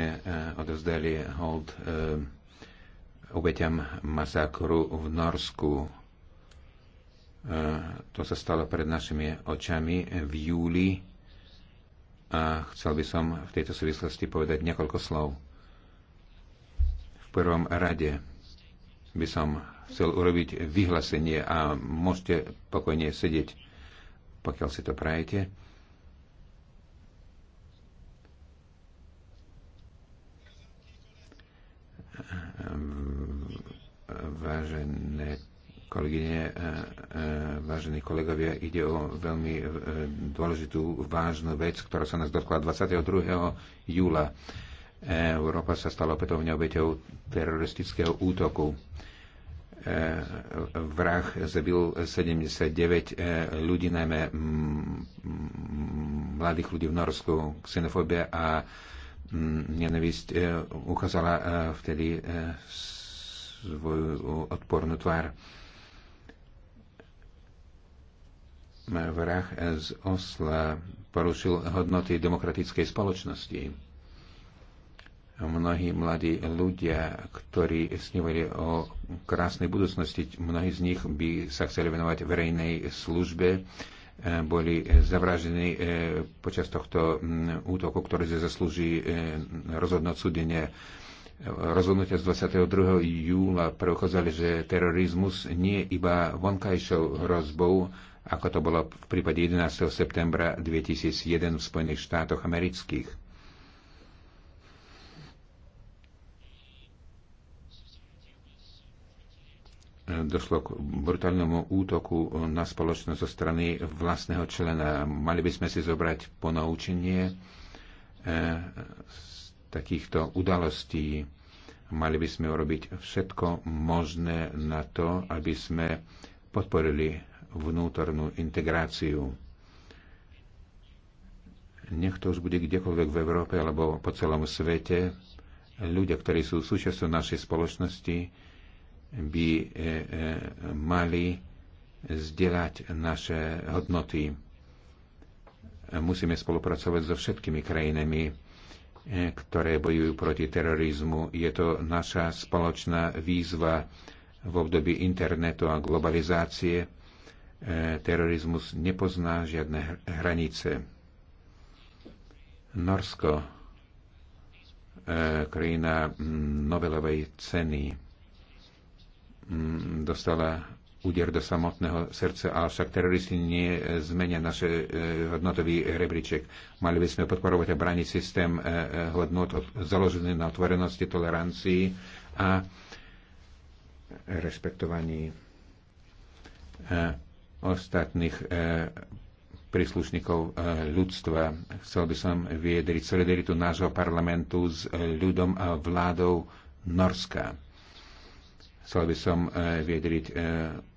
E, odozdali hold e, obeťam masakru v Norsku. E, to sa stalo pred našimi očami v júli a chcel by som v tejto súvislosti povedať niekoľko slov. V prvom rade by som chcel urobiť vyhlásenie a môžete pokojne sedieť, pokiaľ si to prajete. vážené kolegyne, e, e, vážení kolegovia, ide o veľmi e, dôležitú, vážnu vec, ktorá sa nás dotkla 22. júla. Európa sa stala opätovne obeťou teroristického útoku. Vrah zabil 79 ľudí, najmä mladých ľudí v Norsku. Xenofóbia a Mm, nenavisť e, ukázala e, vtedy e, svoju odpornú tvár. Vrah z Osla porušil hodnoty demokratickej spoločnosti. Mnohí mladí ľudia, ktorí snívali o krásnej budúcnosti, mnohí z nich by sa chceli venovať verejnej službe, boli zavraždení e, počas tohto mm, útoku, ktorý si zaslúži e, rozhodnúť súdenie. Rozhodnutia z 22. júla preukázali, že terorizmus nie je iba vonkajšou hrozbou, ako to bolo v prípade 11. septembra 2001 v Spojených štátoch amerických. došlo k brutálnemu útoku e, na spoločnosť zo strany vlastného člena. Mali by sme si zobrať ponaučenie e, z takýchto udalostí. Mali by sme urobiť všetko možné na to, aby sme podporili vnútornú integráciu. Nech to už bude kdekoľvek v Európe alebo po celom svete, ľudia, ktorí sú súčasťou našej spoločnosti, by e, e, mali zdieľať naše hodnoty. Musíme spolupracovať so všetkými krajinami, e, ktoré bojujú proti terorizmu. Je to naša spoločná výzva v období internetu a globalizácie. Terorizmus nepozná žiadne hranice. Norsko, krajina Nobelovej ceny, Mm, dostala úder do samotného srdca, ale však teroristi nezmenia naše e, hodnotový rebríček. Mali by sme podporovať a braniť systém e, e, hodnot založený na otvorenosti, tolerancii a rešpektovaní ostatných príslušníkov ľudstva. Chcel by som viedriť solidaritu nášho parlamentu s ľudom a vládou Norska Chcel by som e, vyjadriť e,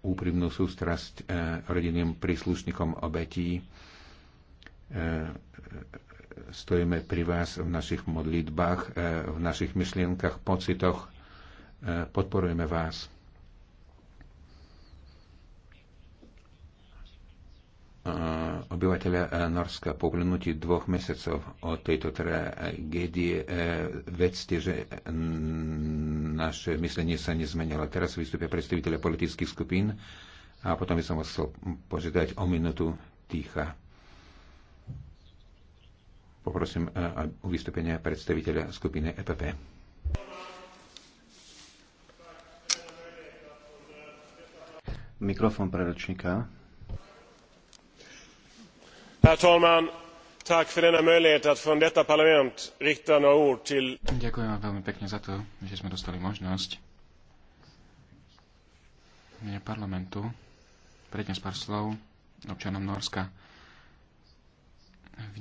úprimnú sústrasť e, rodinným príslušníkom obetí. Stojíme pri vás v našich modlitbách, v našich myšlienkach, pocitoch. Podporujeme vás. Eh, obyvateľa eh, Norska po uplynutí dvoch mesiacov od tejto tragédie eh, vedzte, že mm, naše myslenie sa nezmenilo. Teraz vystúpia predstaviteľe politických skupín a potom by som vás chcel požiadať o minútu ticha. Poprosím o vystúpenie predstaviteľa skupiny EPP. Mikrofón pre ročníka herr talman! tack för denna möjlighet att från detta parlament rikta några ord till Ďakujem vám veľmi pekne za to, že sme dostali možnosť mene parlamentu prednes pár slov občanom Norska.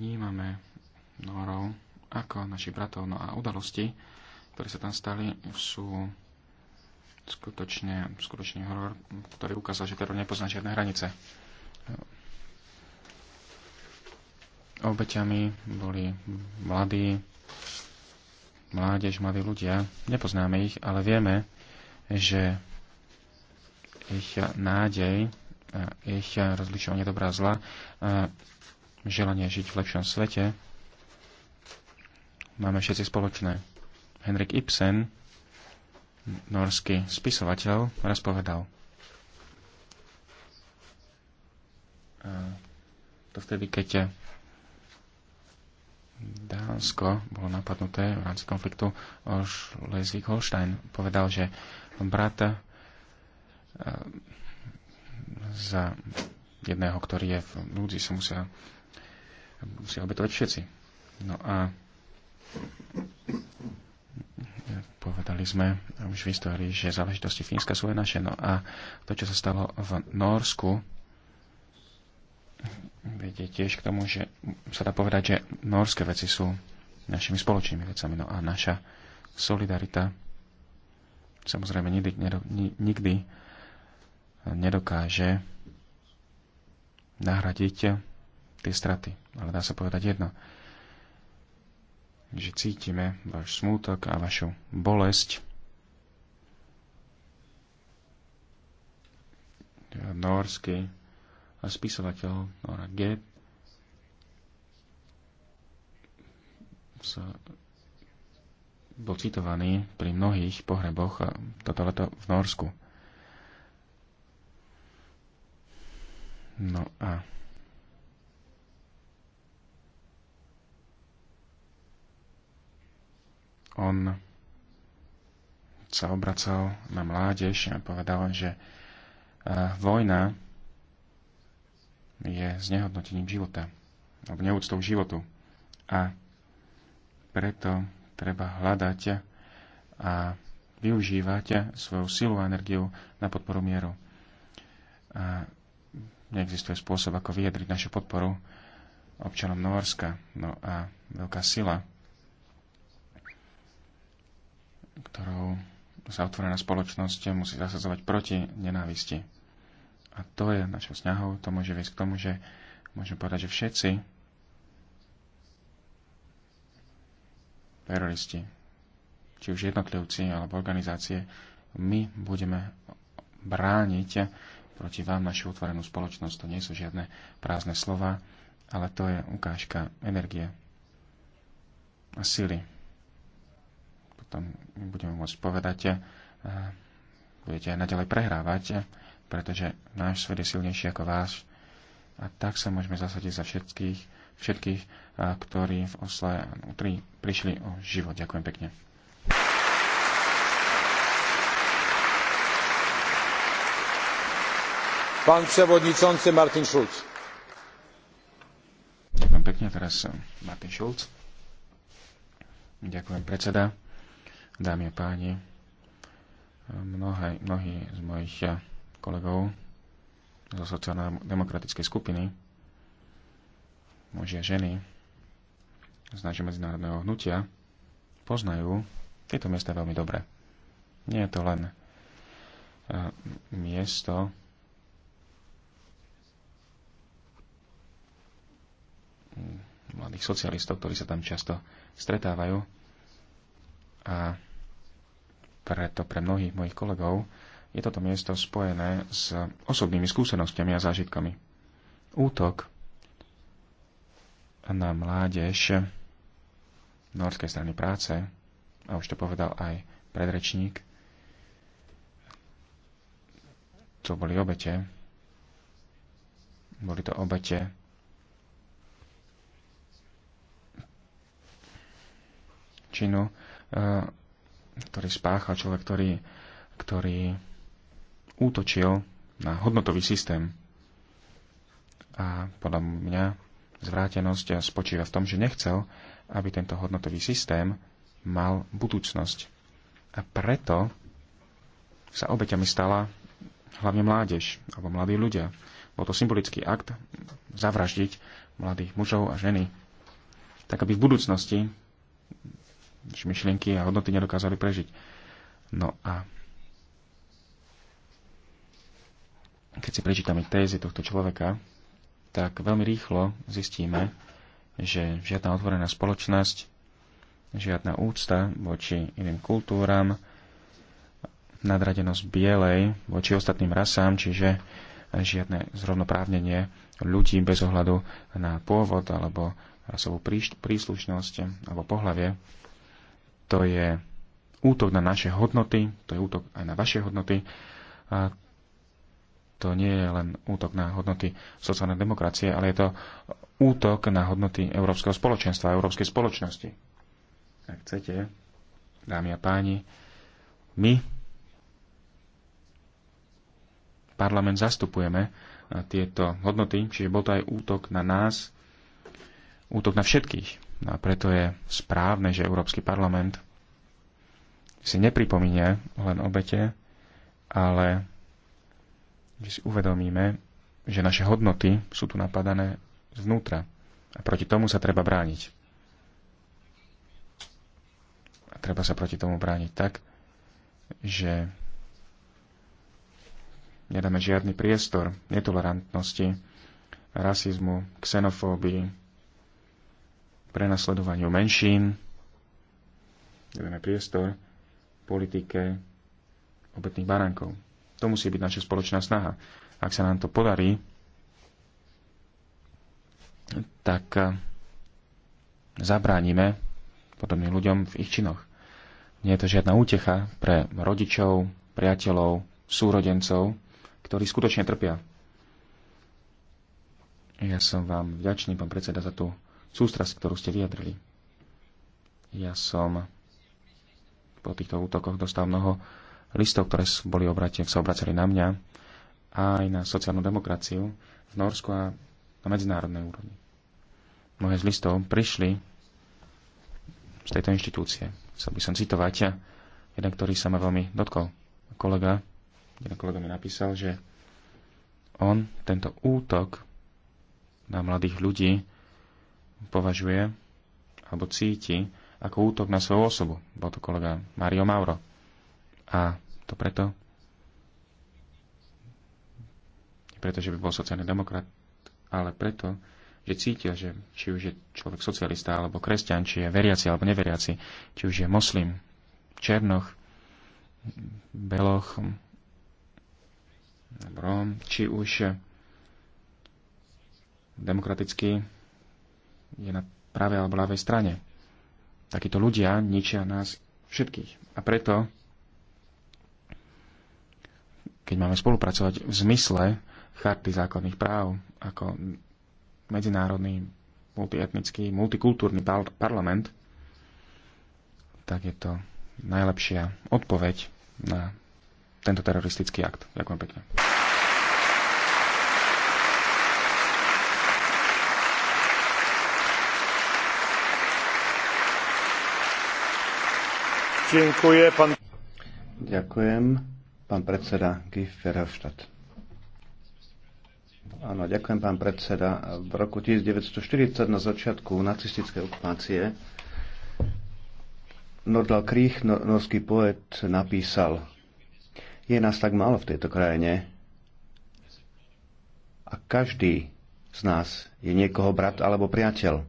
Vnímame Norov ako našich bratov, no a udalosti, ktoré sa tam stali, sú skutočne, skutočne horor, ktorý ukázal, že teror nepozná žiadne hranice. Obeťami boli mladí, mládež, mladí ľudia. Nepoznáme ich, ale vieme, že ich nádej, ich rozlišovanie dobrá zla, želanie žiť v lepšom svete, máme všetci spoločné. Henrik Ibsen, norský spisovateľ, raz povedal. A to vtedy, keď Slovensko bolo napadnuté v rámci konfliktu Schleswig-Holstein. Povedal, že brat eh, za jedného, ktorý je v núdzi, sa musia, musia obetovať všetci. No a povedali sme už v histórii, že záležitosti Fínska sú aj naše. No a to, čo sa stalo v Norsku, vedie tiež k tomu, že sa dá povedať, že norské veci sú našimi spoločnými vecami. No a naša solidarita samozrejme nikdy, nikdy nedokáže nahradiť tie straty. Ale dá sa povedať jedno, že cítime váš smútok a vašu bolesť. Norsky spisovateľ Nora G. sa bol citovaný pri mnohých pohreboch toto leto v Norsku. No a on sa obracal na mládež a povedal, že eh, vojna je znehodnotením života, alebo neúctou životu. A preto treba hľadať a využívať svoju silu a energiu na podporu mieru. A neexistuje spôsob, ako vyjadriť našu podporu občanom Norska. No a veľká sila, ktorou sa otvorená spoločnosť musí zasadzovať proti nenávisti a to je našou snahou, to môže viesť k tomu, že môžeme povedať, že všetci teroristi, či už jednotlivci alebo organizácie, my budeme brániť proti vám našu otvorenú spoločnosť. To nie sú žiadne prázdne slova, ale to je ukážka energie a sily. Potom budeme môcť povedať, budete aj naďalej prehrávať, pretože náš svet je silnejší ako váš a tak sa môžeme zasadiť za všetkých, všetkých, ktorí v Osle pri, prišli o život. Ďakujem pekne. Pán przewodniczący Martin Schulz. Ďakujem pekne, teraz e, Martin Schulz. Ďakujem predseda, dámy a páni. E, mnohé, mnohí z mojich e, kolegov zo sociálno-demokratickej skupiny, muži a ženy z nášho medzinárodného hnutia, poznajú tieto miesta veľmi dobre. Nie je to len e, miesto, mm, mladých socialistov, ktorí sa tam často stretávajú. A preto pre mnohých mojich kolegov je toto miesto spojené s osobnými skúsenostiami a zážitkami. Útok na mládež Norskej strany práce, a už to povedal aj predrečník, to boli obete, boli to obete činu, eh, ktorý spáchal človek, ktorý, ktorý útočil na hodnotový systém. A podľa mňa zvrátenosť spočíva v tom, že nechcel, aby tento hodnotový systém mal budúcnosť. A preto sa obeťami stala hlavne mládež alebo mladí ľudia. Bol to symbolický akt zavraždiť mladých mužov a ženy, tak aby v budúcnosti myšlienky a hodnoty nedokázali prežiť. No a keď si prečítame tézy tohto človeka, tak veľmi rýchlo zistíme, že žiadna otvorená spoločnosť, žiadna úcta voči iným kultúram, nadradenosť bielej voči ostatným rasám, čiže žiadne zrovnoprávnenie ľudí bez ohľadu na pôvod alebo rasovú príslušnosť alebo pohlavie. To je útok na naše hodnoty, to je útok aj na vaše hodnoty. A to nie je len útok na hodnoty sociálnej demokracie, ale je to útok na hodnoty Európskeho spoločenstva, Európskej spoločnosti. Ak chcete, dámy a páni, my, parlament, zastupujeme eh, tieto hodnoty, čiže bol to aj útok na nás, útok na všetkých. No a preto je správne, že Európsky parlament si nepripomíne len obete, ale že si uvedomíme, že naše hodnoty sú tu napadané zvnútra a proti tomu sa treba brániť. A treba sa proti tomu brániť tak, že nedáme žiadny priestor netolerantnosti, rasizmu, xenofóbii, prenasledovaniu menšín, nedáme priestor politike obetných barankov. To musí byť naša spoločná snaha. Ak sa nám to podarí, tak eh, zabránime podobným ľuďom v ich činoch. Nie je to žiadna útecha pre rodičov, priateľov, súrodencov, ktorí skutočne trpia. Ja som vám vďačný, pán predseda, za tú sústrasť, ktorú ste vyjadrili. Ja som po týchto útokoch dostal mnoho listov, ktoré boli obrate, sa obracali na mňa a aj na sociálnu demokraciu v Norsku a na medzinárodnej úrovni. Mnohé z listov prišli z tejto inštitúcie. Chcel by som citovať jeden, ktorý sa ma veľmi dotkol. Kolega, jeden kolega mi napísal, že on tento útok na mladých ľudí považuje alebo cíti ako útok na svoju osobu. Bol to kolega Mario Mauro. A to preto, preto, že by bol sociálny demokrat, ale preto, že cítil, že či už je človek socialista alebo kresťan, či je veriaci alebo neveriaci, či už je moslim, černoch, beloch, rom, či už demokraticky je na pravej alebo ľavej strane. Takíto ľudia ničia nás všetkých. A preto keď máme spolupracovať v zmysle charty základných práv ako medzinárodný multietnický, multikultúrny par- parlament, tak je to najlepšia odpoveď na tento teroristický akt. Ďakujem pekne. Ďakujem. Pán... Ďakujem. Pán predseda Gifferhofstadt. Áno, ďakujem, pán predseda. V roku 1940 na začiatku nacistickej okupácie Nordal nor- norský poet, napísal Je nás tak málo v tejto krajine a každý z nás je niekoho brat alebo priateľ.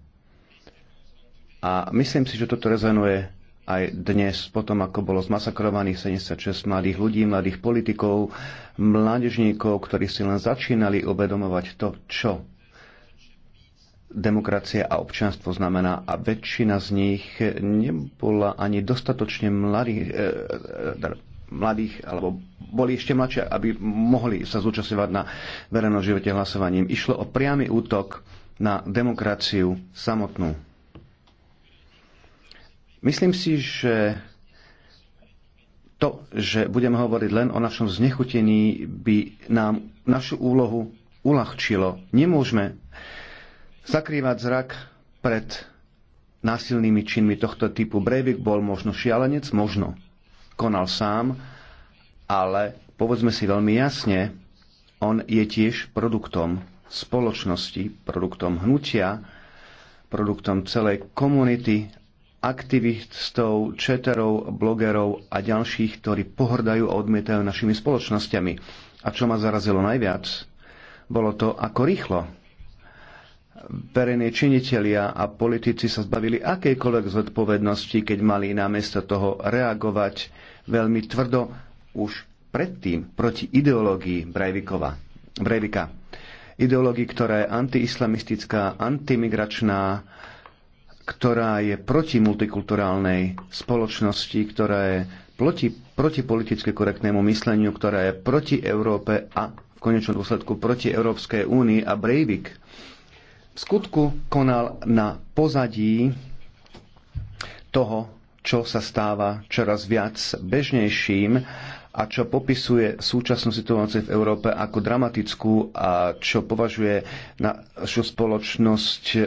A myslím si, že toto rezonuje aj dnes, potom ako bolo zmasakrovaných 76 mladých ľudí, mladých politikov, mládežníkov, ktorí si len začínali uvedomovať to, čo demokracia a občianstvo znamená a väčšina z nich nebola ani dostatočne mladých, e, e, teda mladých alebo boli ešte mladšie, aby mohli sa zúčastňovať na verejnom živote hlasovaním. Išlo o priamy útok na demokraciu samotnú. Myslím si, že to, že budeme hovoriť len o našom znechutení, by nám našu úlohu uľahčilo. Nemôžeme zakrývať zrak pred násilnými činmi tohto typu. Breivik bol možno šialenec, možno konal sám, ale povedzme si veľmi jasne, on je tiež produktom spoločnosti, produktom hnutia, produktom celej komunity aktivistov, četerov, blogerov a ďalších, ktorí pohrdajú a odmietajú našimi spoločnosťami. A čo ma zarazilo najviac, bolo to, ako rýchlo verejní činitelia a politici sa zbavili akejkoľvek zodpovednosti, keď mali namiesto toho reagovať veľmi tvrdo už predtým proti ideológii Brejvikova. Brejvika. Ideológii, ktorá je antiislamistická, antimigračná, ktorá je proti multikulturálnej spoločnosti, ktorá je proti, proti politicky korektnému mysleniu, ktorá je proti Európe a v konečnom dôsledku proti Európskej únii a Breivik v skutku konal na pozadí toho, čo sa stáva čoraz viac bežnejším a čo popisuje súčasnú situáciu v Európe ako dramatickú a čo považuje našu spoločnosť, e,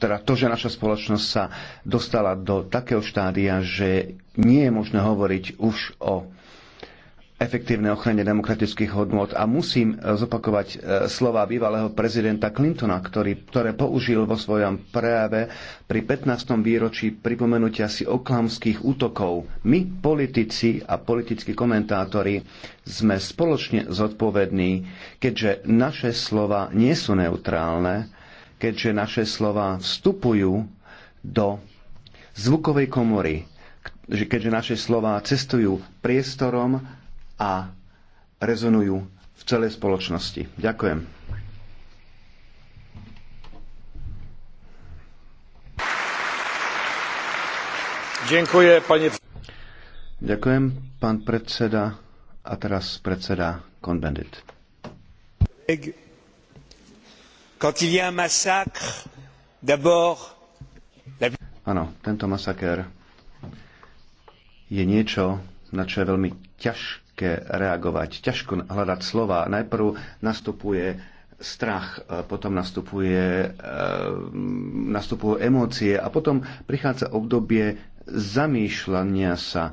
teda to, že naša spoločnosť sa dostala do takého štádia, že nie je možné hovoriť už o efektívnej ochrane demokratických hodnot A musím e, zopakovať e, slova bývalého prezidenta Clintona, ktorý, ktoré použil vo svojom prejave pri 15. výročí pripomenutia si oklamských útokov. My, politici a politickí komentátori, sme spoločne zodpovední, keďže naše slova nie sú neutrálne, keďže naše slova vstupujú do zvukovej komory, keďže naše slova cestujú priestorom, a rezonujú v celej spoločnosti. Ďakujem. Ďakujem, pani... Ďakujem, pán predseda. A teraz predseda Konbendit. Quand il y a un massacre, d'abord... Áno, tento masakér je niečo, na čo je veľmi ťažké ťažké reagovať, ťažko hľadať slova. Najprv nastupuje strach, e, potom nastupuje, e, nastupujú emócie a potom prichádza obdobie zamýšľania sa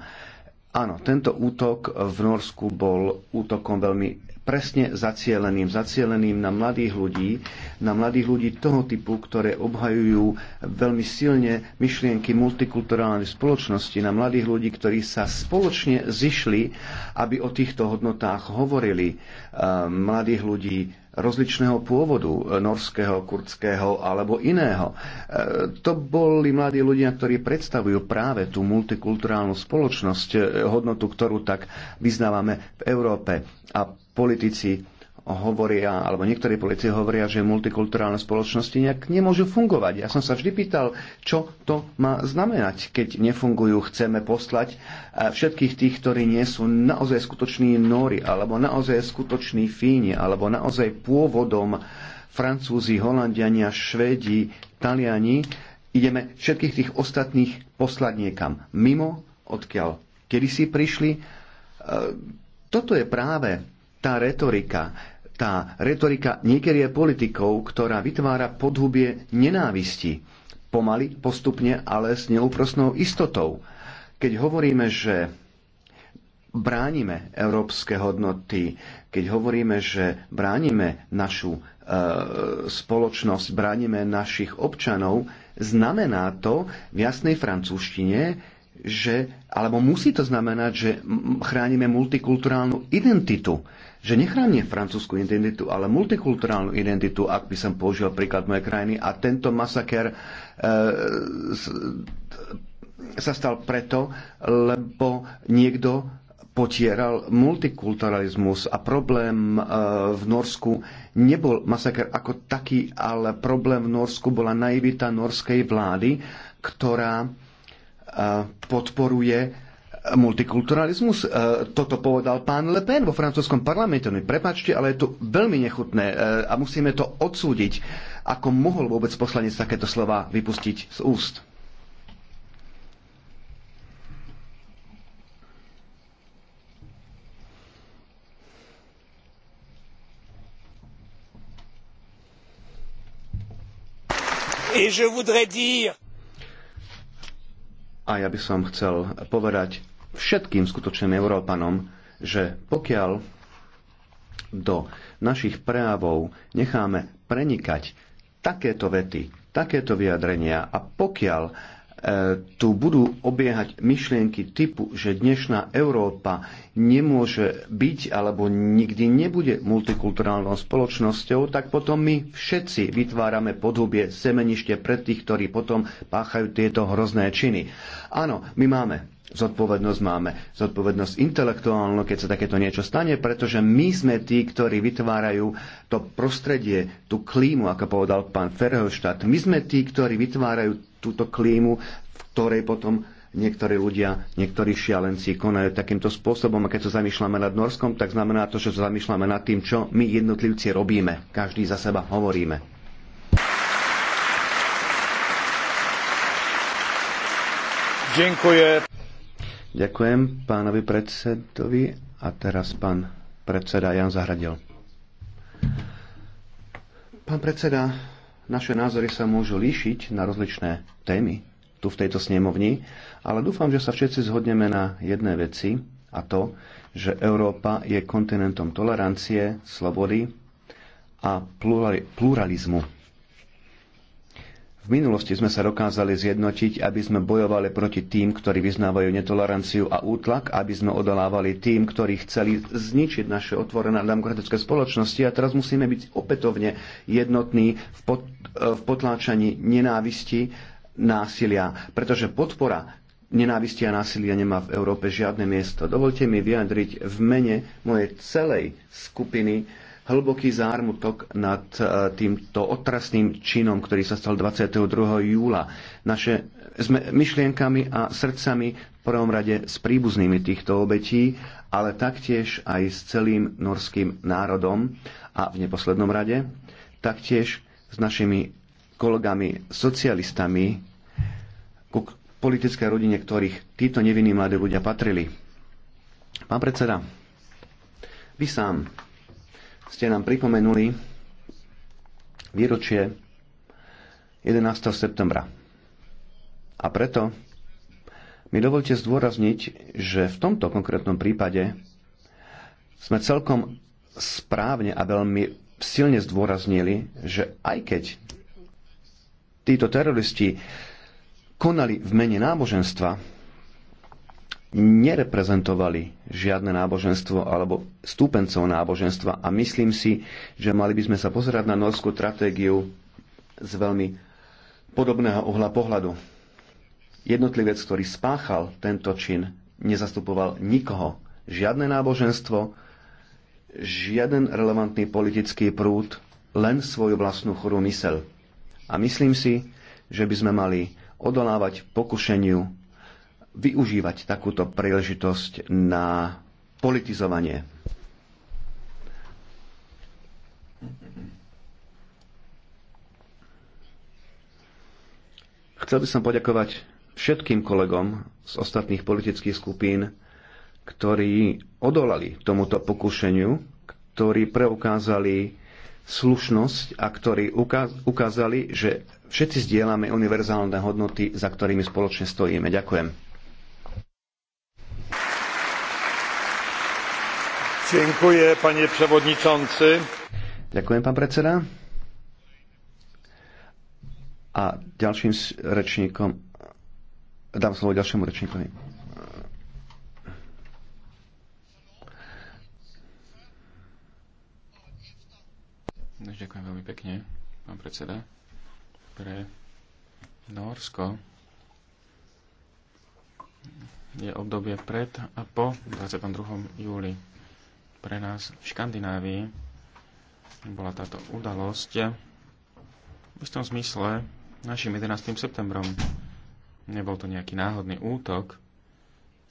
Áno, tento útok v Norsku bol útokom veľmi presne zacieleným, zacieleným na mladých ľudí, na mladých ľudí toho typu, ktoré obhajujú veľmi silne myšlienky multikulturálnej spoločnosti, na mladých ľudí, ktorí sa spoločne zišli, aby o týchto hodnotách hovorili. Eh, mladých ľudí rozličného pôvodu, e, norského, kurdského alebo iného. E, to boli mladí ľudia, ktorí predstavujú práve tú multikulturálnu spoločnosť, e, hodnotu, ktorú tak vyznávame v Európe. A politici hovoria, alebo niektorí politici hovoria, že multikulturálne spoločnosti nejak nemôžu fungovať. Ja som sa vždy pýtal, čo to má znamenať, keď nefungujú, chceme poslať e, všetkých tých, ktorí nie sú naozaj skutoční Nóri, alebo naozaj skutoční Fíni, alebo naozaj pôvodom Francúzi, Holandiania, Švédi, Taliani. Ideme všetkých tých ostatných poslať niekam mimo, odkiaľ kedy si prišli. E, toto je práve tá retorika, tá retorika niekedy je politikou, ktorá vytvára podhubie nenávisti. Pomaly, postupne, ale s neúprostnou istotou. Keď hovoríme, že bránime európske hodnoty, keď hovoríme, že bránime našu e, spoločnosť, bránime našich občanov, znamená to v jasnej francúzštine, že, alebo musí to znamenať, že chránime multikulturálnu identitu. Že nechránime francúzsku identitu, ale multikulturálnu identitu, ak by som použil príklad mojej krajiny. A tento masaker e, s, sa stal preto, lebo niekto potieral multikulturalizmus a problém e, v Norsku nebol masaker ako taký, ale problém v Norsku bola naivita norskej vlády, ktorá podporuje multikulturalizmus. E, toto povedal pán Le Pen vo francúzskom parlamente. No, prepačte, ale je to veľmi nechutné e, a musíme to odsúdiť. Ako mohol vôbec poslanec takéto slova vypustiť z úst? Et je voudrais dire a ja by som chcel povedať všetkým skutočným Európanom, že pokiaľ do našich prejavov necháme prenikať takéto vety, takéto vyjadrenia a pokiaľ E, tu budú obiehať myšlienky typu, že dnešná Európa nemôže byť alebo nikdy nebude multikulturálnou spoločnosťou, tak potom my všetci vytvárame podhubie semenište pre tých, ktorí potom páchajú tieto hrozné činy. Áno, my máme zodpovednosť máme. Zodpovednosť intelektuálnu, keď sa takéto niečo stane, pretože my sme tí, ktorí vytvárajú to prostredie, tú klímu, ako povedal pán Ferhoštát. My sme tí, ktorí vytvárajú túto klímu, v ktorej potom niektorí ľudia, niektorí šialenci konajú takýmto spôsobom. A keď sa zamýšľame nad Norskom, tak znamená to, že sa zamýšľame nad tým, čo my jednotlivci robíme. Každý za seba hovoríme. Dziękuję. Ďakujem pánovi predsedovi a teraz pán predseda Jan Zahradil. Pán predseda, naše názory sa môžu líšiť na rozličné témy tu v tejto snemovni, ale dúfam, že sa všetci zhodneme na jednej veci a to, že Európa je kontinentom tolerancie, slobody a pluralizmu. V minulosti sme sa dokázali zjednotiť, aby sme bojovali proti tým, ktorí vyznávajú netoleranciu a útlak, aby sme odolávali tým, ktorí chceli zničiť naše otvorené demokratické spoločnosti. A teraz musíme byť opätovne jednotní v, pot, eh, v potláčaní nenávisti, násilia, pretože podpora nenávisti a násilia nemá v Európe žiadne miesto. Dovolte mi vyjadriť v mene mojej celej skupiny hlboký zármutok nad e, týmto otrasným činom, ktorý sa stal 22. júla. Naše sme myšlienkami a srdcami v prvom rade s príbuznými týchto obetí, ale taktiež aj s celým norským národom a v neposlednom rade taktiež s našimi kolegami socialistami, ku politickej rodine ktorých títo nevinní mladí ľudia patrili. Pán predseda, vy sám ste nám pripomenuli výročie 11. septembra. A preto mi dovolte zdôrazniť, že v tomto konkrétnom prípade sme celkom správne a veľmi silne zdôraznili, že aj keď títo teroristi konali v mene náboženstva, nereprezentovali žiadne náboženstvo alebo stúpencov náboženstva a myslím si, že mali by sme sa pozerať na norskú stratégiu z veľmi podobného uhla pohľadu. Jednotlivec, ktorý spáchal tento čin, nezastupoval nikoho, žiadne náboženstvo, žiaden relevantný politický prúd, len svoju vlastnú chorú mysel. A myslím si, že by sme mali odolávať pokušeniu využívať takúto príležitosť na politizovanie. Chcel by som poďakovať všetkým kolegom z ostatných politických skupín, ktorí odolali tomuto pokušeniu, ktorí preukázali slušnosť a ktorí ukázali, že všetci zdieľame univerzálne hodnoty, za ktorými spoločne stojíme. Ďakujem. Dziękuję, panie przewodniczący. Ďakujem, pán predseda. A ďalším rečníkom dám slovo ďalšiemu rečníkovi. No, ďakujem veľmi pekne, pán predseda. Pre Norsko je obdobie pred a po 22. júli pre nás v Škandinávii bola táto udalosť v istom zmysle našim 11. septembrom. Nebol to nejaký náhodný útok.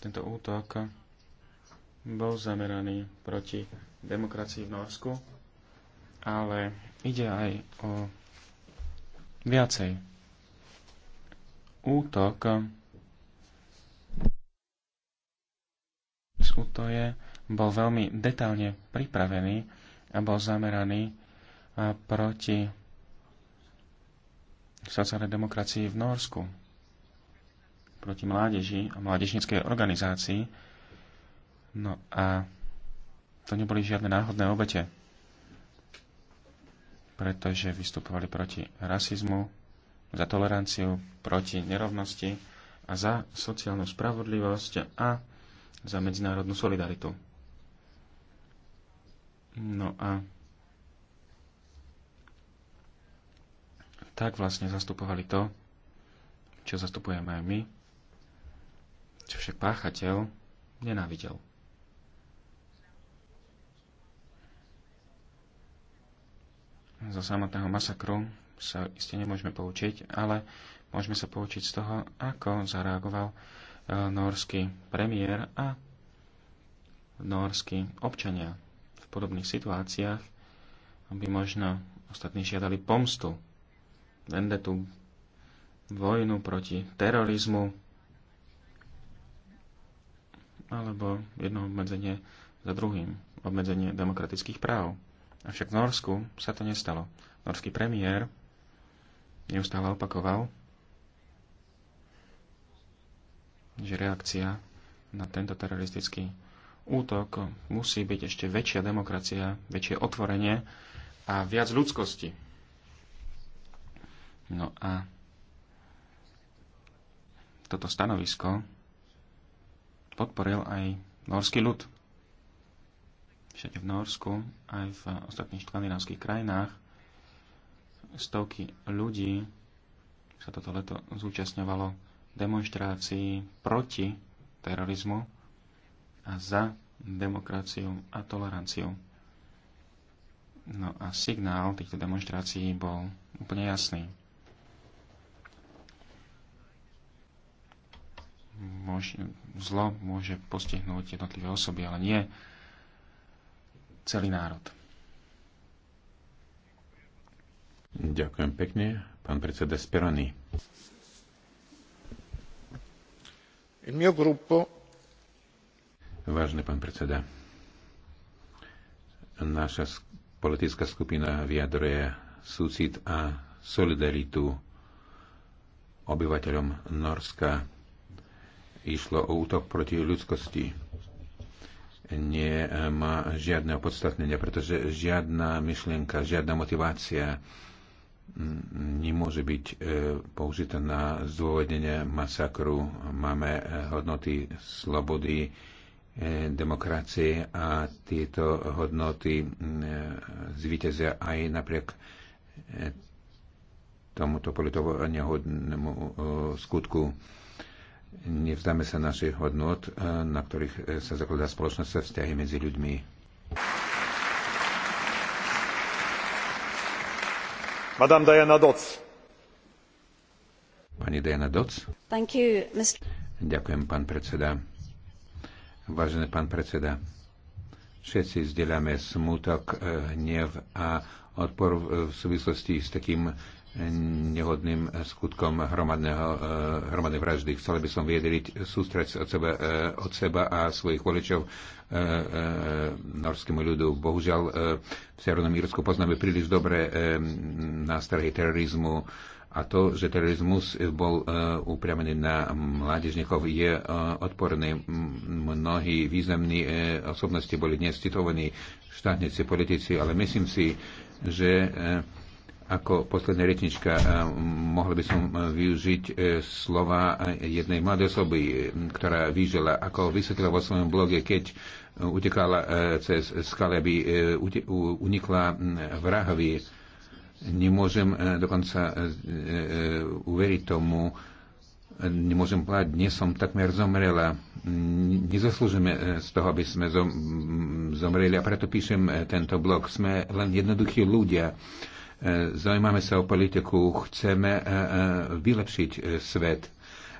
Tento útok bol zameraný proti demokracii v Norsku, ale ide aj o viacej. Útok je bol veľmi detálne pripravený a bol zameraný proti sociálnej demokracii v Norsku, proti mládeži a mládežnickej organizácii. No a to neboli žiadne náhodné obete, pretože vystupovali proti rasizmu, za toleranciu, proti nerovnosti a za sociálnu spravodlivosť a za medzinárodnú solidaritu. No a tak vlastne zastupovali to, čo zastupujeme aj my, čo však páchateľ nenávidel. Za samotného masakru sa iste nemôžeme poučiť, ale môžeme sa poučiť z toho, ako zareagoval e, norský premiér a norský občania podobných situáciách aby možno ostatní žiadali pomstu, vendetu, vojnu proti terorizmu alebo jedno obmedzenie za druhým, obmedzenie demokratických práv. Avšak v Norsku sa to nestalo. Norský premiér neustále opakoval, že reakcia na tento teroristický útok, musí byť ešte väčšia demokracia, väčšie otvorenie a viac ľudskosti. No a toto stanovisko podporil aj norský ľud. Všade v Norsku, aj v ostatných škandinávských krajinách stovky ľudí sa toto leto zúčastňovalo demonstrácií proti terorizmu a za demokraciu a toleranciu. No a signál týchto demonstrácií bol úplne jasný. Môž, zlo môže postihnúť jednotlivé osoby, ale nie celý národ. Ďakujem pekne. Pán predseda Speroni. Il mio gruppo Vážny pán predseda, naša politická skupina vyjadruje súcit a solidaritu obyvateľom Norska. Išlo o útok proti ľudskosti. Nie e, má žiadne opodstatnenie, pretože žiadna myšlienka, žiadna motivácia nemôže byť e, použitá na zdôvodnenie masakru. Máme e, hodnoty slobody, E, demokracie a tieto hodnoty e, zvíťazia aj napriek e, tomuto politovanehodnému skutku. Nevzdáme sa našich hodnot, na ktorých sa zakladá spoločnosť a vzťahy medzi ľuďmi. Madame Diana Dodds. Pani Diana Dodds. Thank you, Mr. Ďakujem, pán predseda Vážený pán predseda, všetci zdieľame smutok, eh, hnev a odpor v súvislosti s takým nehodným skutkom eh, hromadnej vraždy. Chcel by som viedeliť sústrať od seba, eh, od seba a svojich voličov norskému ľudu. Bohužiaľ, v Severnom Írsku poznáme príliš dobre nástrahy terorizmu, a to, že terorizmus bol uh, upriamený na mládežníkov, je uh, e, odporné. Mnohí významní uh, osobnosti boli dnes citovaní, štátnici, politici, ale myslím si, že uh, ako posledná rečnička uh, mohla by som uh, využiť uh, slova jednej mladej osoby, uh, ktorá vyžila, ako vysvetlila vo svojom bloge, keď uh, utekala uh, cez skaly, aby unikla uh, vrahovi Uh, Nemôžem e, dokonca e, e, uveriť tomu, nemôžem povedať, dnes som takmer zomrela. Nezaslúžime z toho, aby sme zomreli a preto píšem tento blog. Sme len jednoduchí ľudia. Zaujímame sa o politiku, chceme vylepšiť svet.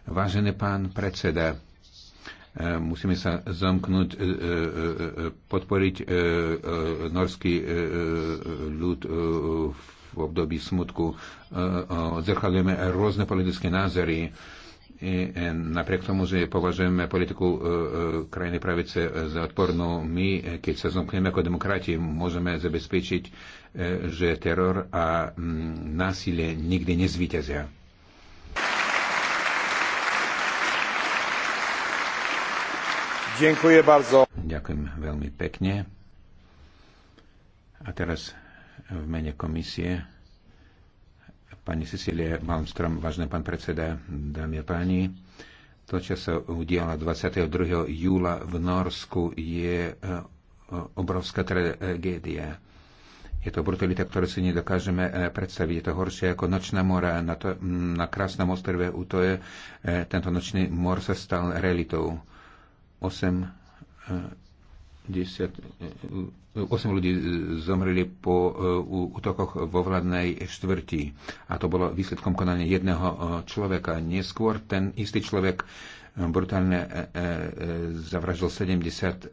Vážený pán predseda, musíme sa zomknúť, podporiť norský ľud v v období smutku, e, e, zrchadlíme rôzne politické názory. I e, napriek tomu, že považujeme politiku krajiny pravice za odpornú, my, keď sa zomkneme ako demokrati, môžeme zabezpečiť, že teror a násilie nikdy nezvýťazia. Ďakujem veľmi pekne. A teraz v mene komisie. Pani Cecilie Malmström, vážne pán predseda, dámy a páni, to, čo sa udiala 22. júla v Norsku, je e, obrovská tragédia. Je to brutalita, ktorú si nedokážeme e, predstaviť. Je to horšie ako nočná mora na, to, na krásnom ostrove Utoje. E, tento nočný mor sa stal realitou. 8 10, 8 e, e, ľudí zomreli po e, útokoch vo vládnej štvrti. A to bolo výsledkom konania jedného človeka. Neskôr ten istý človek brutálne zavraždil 70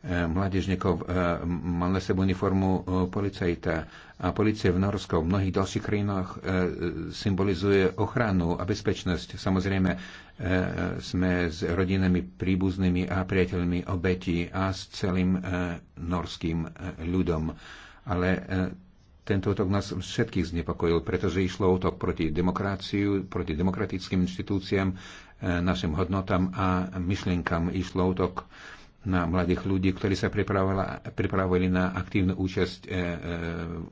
E, mládežníkov e, mal na sebe uniformu e, policajta a policie v Norsku v mnohých ďalších krajinách symbolizuje ochranu a bezpečnosť. Samozrejme, sme s rodinami, príbuznými a priateľmi obeti a s celým norským ľudom. Ale tento útok nás všetkých znepokojil, pretože išlo útok proti demokraciu, proti demokratickým inštitúciám, našim hodnotám a myšlienkam. Išlo útok na mladých ľudí, ktorí sa pripravovali na aktívnu účasť e, e,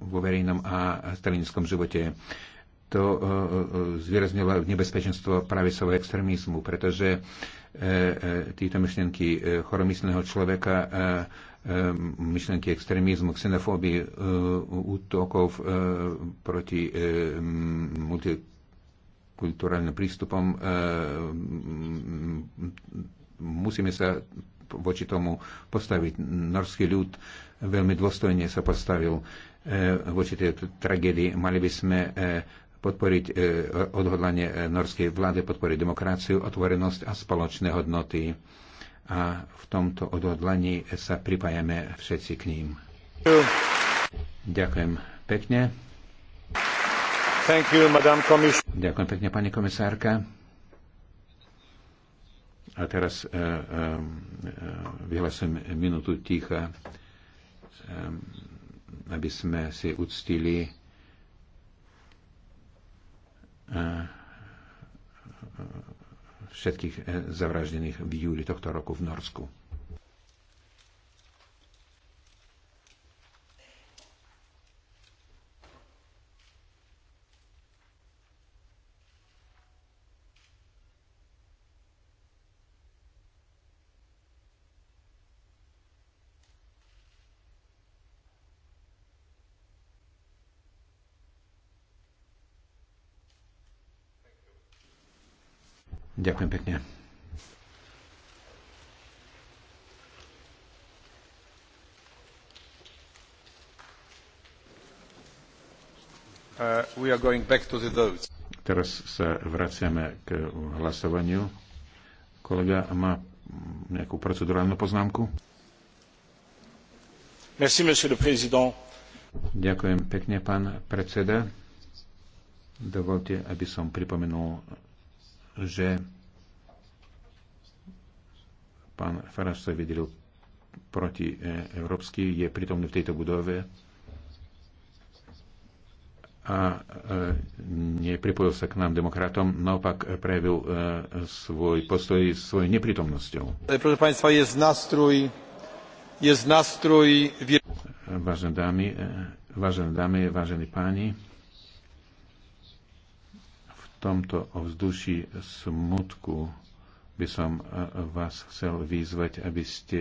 vo verejnom a stalinickom živote. To e, zvýraznilo nebezpečenstvo pravicového extrémizmu, pretože tieto myšlienky choromyslného človeka, myšlienky extrémizmu, xenofóbii, útokov proti multikulturálnym prístupom, musíme sa voči tomu postaviť. Norský ľud veľmi dôstojne sa postavil e, voči tejto tragédii. Mali by sme e, podporiť e, odhodlanie norskej vlády, podporiť demokraciu, otvorenosť a spoločné hodnoty. A v tomto odhodlaní sa pripájame všetci k ním. Ďakujem pekne. You, Ďakujem pekne, pani komisárka. A teraz e, e, vyhlasujem minútu ticha, e, aby sme si uctili e, všetkých zavraždených v júli tohto roku v Norsku. Ďakujem pekne. Uh, we are going back to the votes. Teraz sa vraciame k hlasovaniu. Kolega má nejakú procedurálnu poznámku? Merci, monsieur le président. Ďakujem pekne, pán predseda. Dovolte, aby som pripomenul že pán Faráš sa vydelil proti e, európsky, je pritomný v tejto budove a e, nepripojil sa k nám demokratom, naopak prejavil e, svoj postoj svojou neprítomnosťou. Proszę Państwa, je nastrój, jest nástroj... Vážené dámy, vážené dámy, vážení páni, tomto ovzduší smutku by som eh, vás chcel vyzvať, aby ste